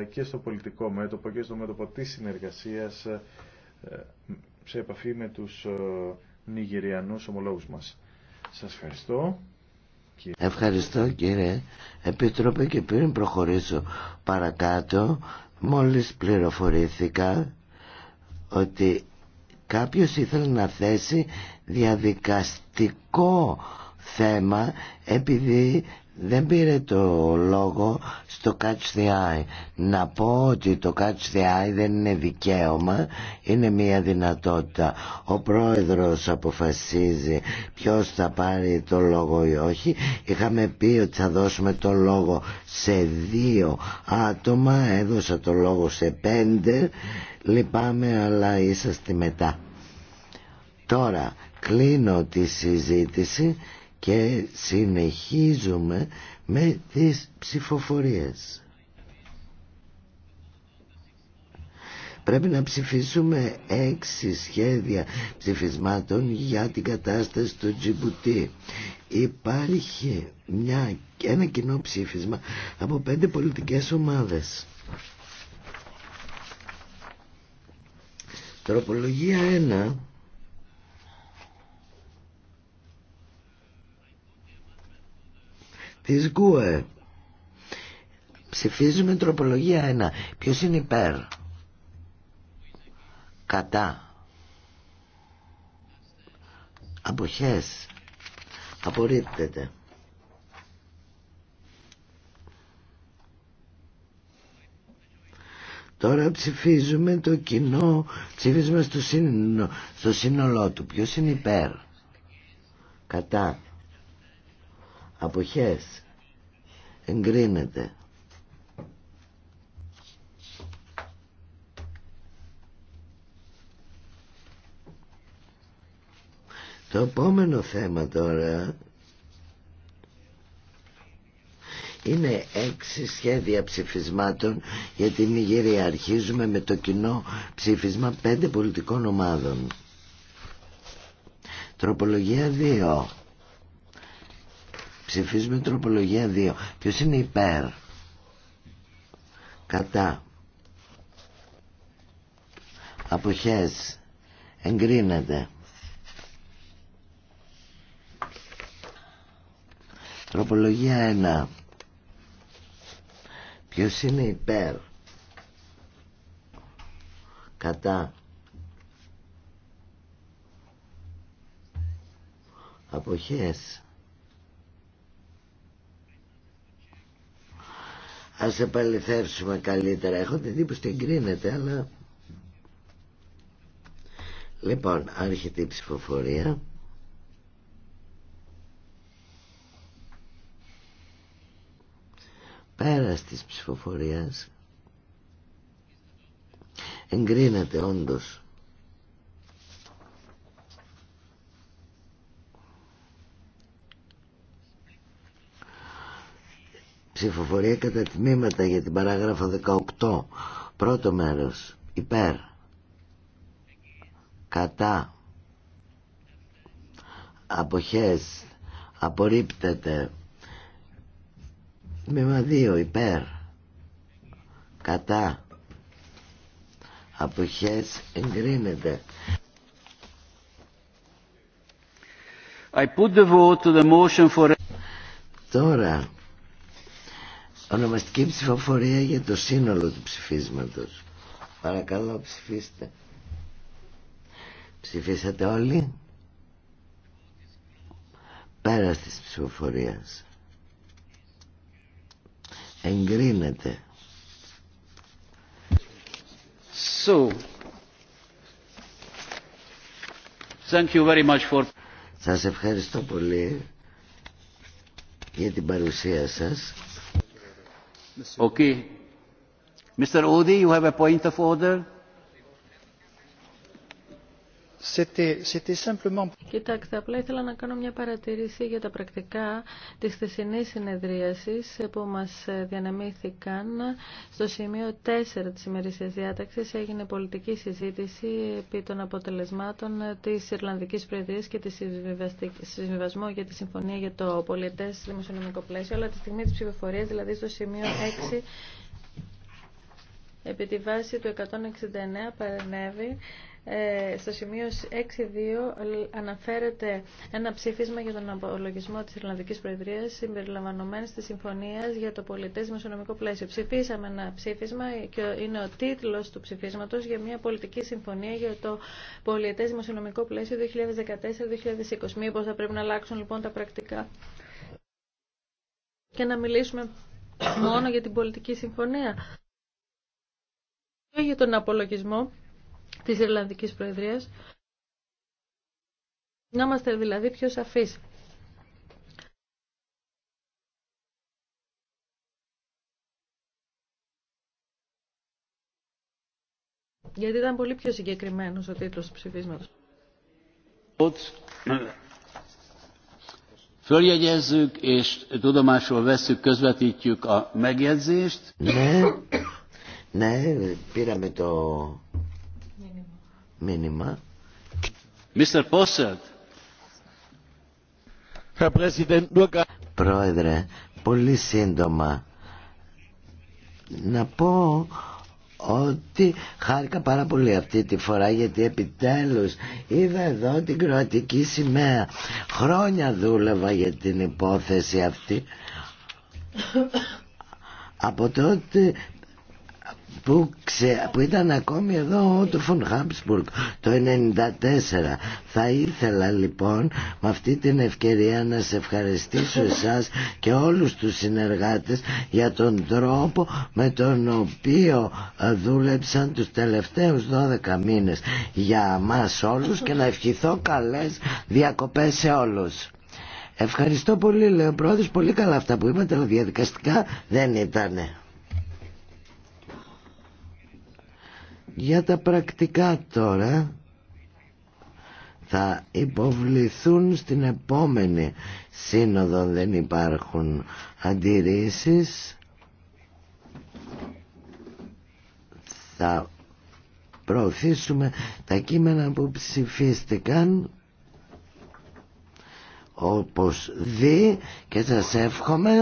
Ε, και στο πολιτικό μέτωπο και στο μέτωπο της συνεργασίας ε, σε επαφή με τους ε, Νιγηριανούς ομολόγους μας. Σας ευχαριστώ. Ευχαριστώ κύριε Επίτροπε και πριν προχωρήσω παρακάτω μόλις πληροφορήθηκα ότι κάποιος ήθελε να θέσει διαδικαστικό θέμα επειδή δεν πήρε το λόγο στο Catch the Eye. Να πω ότι το Catch the Eye δεν είναι δικαίωμα, είναι μια δυνατότητα. Ο πρόεδρος αποφασίζει ποιος θα πάρει το λόγο ή όχι. Είχαμε πει ότι θα δώσουμε το λόγο σε δύο άτομα, έδωσα το λόγο σε πέντε. Λυπάμαι αλλά είσαστε μετά. Τώρα κλείνω τη συζήτηση και συνεχίζουμε με τις ψηφοφορίες. Πρέπει να ψηφίσουμε έξι σχέδια ψηφισμάτων για την κατάσταση του Τζιμπουτί. Υπάρχει μια, ένα κοινό ψήφισμα από πέντε πολιτικές ομάδες. Τροπολογία 1 της Γκουε. Ψηφίζουμε τροπολογία 1. Ποιος είναι υπέρ. Κατά. Αποχές. Απορρίπτεται. Τώρα ψηφίζουμε το κοινό, ψηφίζουμε στο, σύνολο, του. Ποιος είναι υπέρ. Κατά αποχές εγκρίνεται Το επόμενο θέμα τώρα είναι έξι σχέδια ψηφισμάτων για την Ιγυρία. Αρχίζουμε με το κοινό ψήφισμα πέντε πολιτικών ομάδων. Τροπολογία 2. Ψηφίζουμε τροπολογία 2. Ποιος είναι υπέρ. Κατά. Αποχές. Εγκρίνεται. Τροπολογία 1. Ποιος είναι υπέρ. Κατά. Αποχές. Ας επαληθεύσουμε καλύτερα. Έχω την εντύπωση εγκρίνεται, αλλά... Λοιπόν, άρχεται η ψηφοφορία. Πέρας της ψηφοφορίας εγκρίνεται όντως. Ψηφοφορία κατά τμήματα για την παράγραφο 18. Πρώτο μέρος. Υπέρ. Κατά. Αποχές. Απορρίπτεται. Τμήμα 2. Υπέρ. Κατά. Αποχές. Εγκρίνεται. I put the vote to the motion for... Τώρα Ονομαστική ψηφοφορία για το σύνολο του ψηφίσματος. Παρακαλώ ψηφίστε. Ψηφίσατε όλοι. Πέρας της ψηφοφορίας. Εγκρίνετε. So, thank you very much for... Σας ευχαριστώ πολύ για την παρουσία σας. Okay. Mr. Audi, you have a point of order? Κοιτάξτε, απλά ήθελα να κάνω μια παρατηρήση για τα πρακτικά τη χθεσινή συνεδρίαση που μα ε, διανεμήθηκαν στο σημείο 4 τη ημερήσια διάταξη, έγινε πολιτική συζήτηση επί των αποτελεσμάτων ε, τη Ιρλανδική Προεδρία και τη συμβιβασμού για τη Συμφωνία για το Πολιτέ Δημοσιονομικό Πλαίσιο αλλά τη στιγμή τη ψηφοφορία, δηλαδή στο σημείο 6 επί τη βάση του 169 παρενέβη ε, στο σημείο 6.2 αναφέρεται ένα ψήφισμα για τον απολογισμό της Ιρλανδικής Προεδρίας συμπεριλαμβανομένης της Συμφωνίας για το πολιτές δημοσιονομικό πλαίσιο. Ψηφίσαμε ένα ψήφισμα και είναι ο τίτλος του ψηφίσματος για μια πολιτική συμφωνία για το πολιτές δημοσιονομικό πλαίσιο 2014-2020. Μήπως θα πρέπει να αλλάξουν λοιπόν τα πρακτικά και να μιλήσουμε μόνο για την πολιτική συμφωνία. Για τον απολογισμό της Ιρλανδικής Προεδρίας. Να είμαστε δηλαδή πιο σαφείς. Γιατί ήταν πολύ πιο συγκεκριμένος ο τίτλος του ψηφίσματος. Följegyezzük és tudomásul veszük, közvetítjük a megjegyzést. Ne, ναι, ne, ναι, πήραμε μήνυμα. Mr. Πρόεδρε, πολύ σύντομα να πω ότι χάρηκα πάρα πολύ αυτή τη φορά γιατί επιτέλους είδα εδώ την κροατική σημαία. Χρόνια δούλευα για την υπόθεση αυτή. Από τότε που ξε, που ήταν ακόμη εδώ ο Φον Χάμπσπουργκ το 1994. Θα ήθελα λοιπόν με αυτή την ευκαιρία να σε ευχαριστήσω εσάς και όλους τους συνεργάτες για τον τρόπο με τον οποίο ε, δούλεψαν τους τελευταίους 12 μήνες για μας όλους και να ευχηθώ καλές διακοπές σε όλους. Ευχαριστώ πολύ, λέει ο πρόεδρος. Πολύ καλά αυτά που είπατε, αλλά διαδικαστικά δεν ήτανε. Για τα πρακτικά τώρα θα υποβληθούν στην επόμενη σύνοδο δεν υπάρχουν αντιρρήσεις θα προωθήσουμε τα κείμενα που ψηφίστηκαν όπως δει και σας εύχομαι